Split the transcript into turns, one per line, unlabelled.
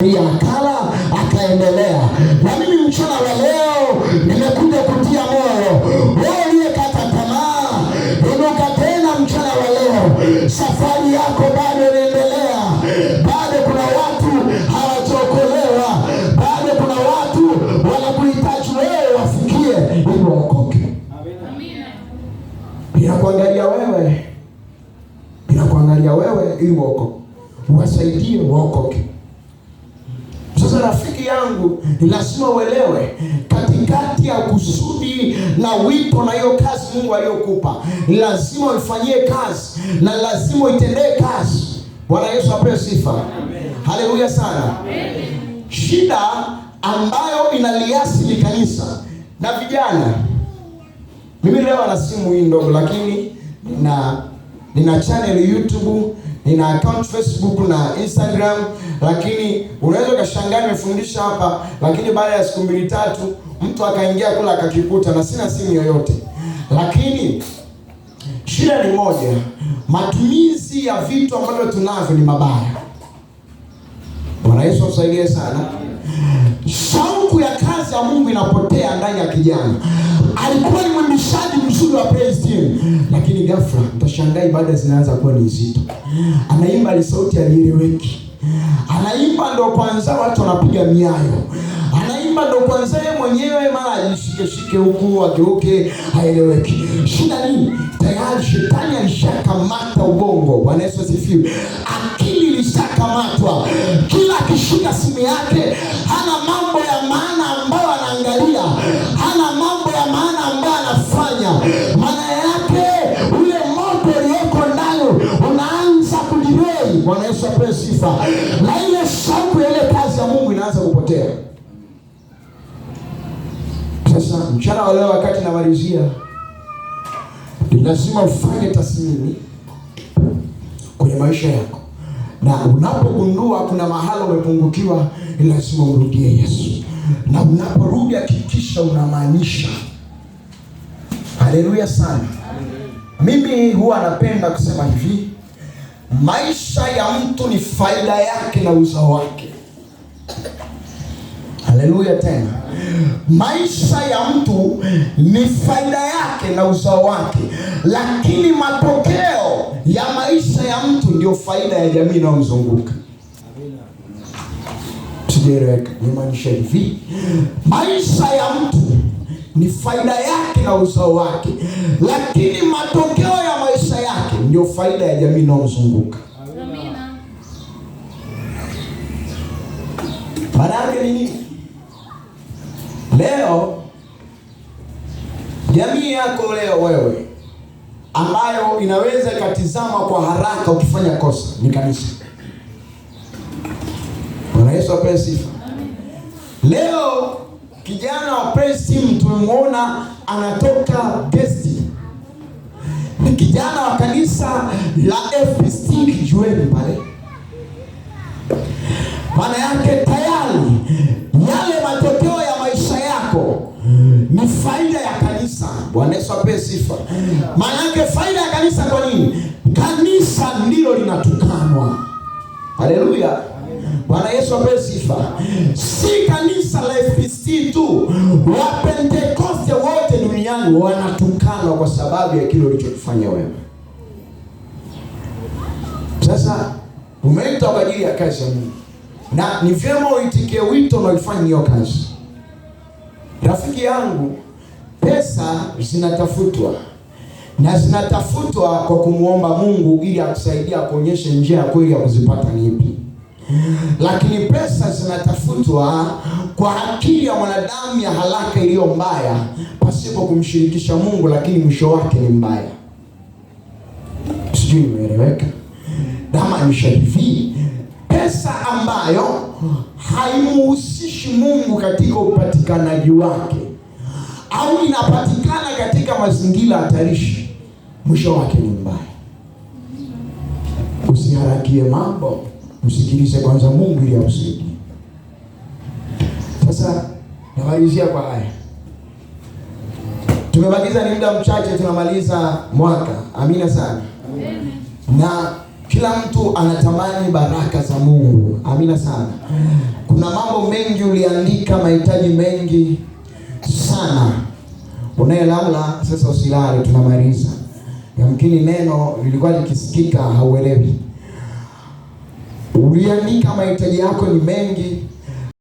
Pia akala akaendelea. Na mimi mchana wa leo nimekuja kutia moyo wewe uliyekata tamaa, inuka tena mchana wa leo, safari yako bado inaendelea, bado kuna watu hawajaokolewa, bado kuna watu wanakuhitaji wewe wafikie ili waokoke. Bila kuangalia wewe, bila kuangalia wewe ili waokoke, wasaidie waokoke yangu, ni lazima uelewe katikati ya kusudi la wito na hiyo kazi Mungu aliyokupa, lazima uifanyie kazi na lazima uitendee kazi. Bwana Yesu apewe sifa, haleluya sana. Amen. Shida ambayo inaliasi ni kanisa na vijana. Mimi leo na simu hii ndogo, lakini nina nina channel YouTube nina account Facebook na Instagram, lakini unaweza ukashangaa nimefundisha hapa, lakini baada ya siku mbili tatu mtu akaingia kula akakikuta, na sina simu yoyote. Lakini shida ni moja, matumizi ya vitu ambavyo tunavyo ni mabaya. Bwana Yesu sana. Shauku ya kazi ya Mungu inapotea ndani ya kijana alikuwa ni mwendeshaji mzuri wa praise team, lakini ghafla utashangaa ibada zinaanza kuwa ni nzito. Anaimba ile sauti alieleweki, anaimba ndo kwanza watu wanapiga miayo, anaimba ndo kwanza yeye mwenyewe mara ajishike shike huku ageuke, aeleweki shida nini. Tayari shetani alishakamata ubongo. Bwana Yesu asifiwe. Akili ilishakamatwa, kila akishika simu yake hana mambo ya maana ambayo anaangalia Bwana Yesu apewe sifa. Na ile shauku ya ile kazi ya Mungu inaanza kupotea. Sasa mchana wa leo, wakati namalizia, ni lazima ufanye tathmini kwenye maisha yako, na unapogundua kuna mahala umepungukiwa, ni lazima urudie Yesu, na unaporudi hakikisha unamaanisha. Haleluya sana. Mimi huwa napenda kusema hivi Maisha ya mtu ni faida yake na uzao wake. Haleluya! Tena maisha ya mtu ni faida yake na uzao wake, lakini matokeo ya maisha ya mtu ndio faida ya jamii inayomzunguka. Sijaeleweka? Nimaanisha hivi, maisha ya mtu ni faida yake na uzao wake, lakini matokeo ndio faida ya jamii inayozunguka. Maana yake ni nini? Leo jamii yako leo wewe ambayo inaweza ikatizama kwa haraka ukifanya kosa ni kanisa. Bwana Yesu apewe sifa. Leo kijana wa Presi tumemwona anatoka guest vijana wa kanisa la FBC Kijiweni pale. Maana yake tayari yale matokeo ya maisha yako ni faida ya kanisa. Bwana Yesu apewe sifa. Maana yake faida ya kanisa. Kwa nini? Kanisa ndilo linatukanwa. Haleluya. Bwana Yesu apewe sifa. Si kanisa la FBC tu, wapende wanatukanwa kwa sababu ya kile ulichokifanya wewe. Sasa umeitwa kwa ajili ya kazi ya Mungu, na ni vyema uitikie wito na uifanye hiyo kazi. Rafiki yangu, pesa zinatafutwa na zinatafutwa kwa kumwomba Mungu ili akusaidia kuonyesha njia ya kweli ya kuzipata ni ipi, lakini pesa zinatafutwa kwa akili ya mwanadamu ya haraka iliyo mbaya pasipo kumshirikisha Mungu, lakini mwisho wake ni mbaya. Sijui nimeeleweka? Namaanisha hivi, pesa ambayo haimuhusishi Mungu katika upatikanaji wake au inapatikana katika mazingira hatarishi, mwisho wake ni mbaya. Usiharakie mambo, usikilize kwanza Mungu ili ausaidie. Sasa namalizia kwa haya, tumemaliza ni muda mchache, tunamaliza mwaka. Amina sana, amen. Na kila mtu anatamani baraka za Mungu. Amina sana. Kuna mambo mengi uliandika, mahitaji mengi sana unayelala sasa, usilale, tunamaliza. Yamkini neno lilikuwa likisikika, hauelewi. Uliandika mahitaji yako ni mengi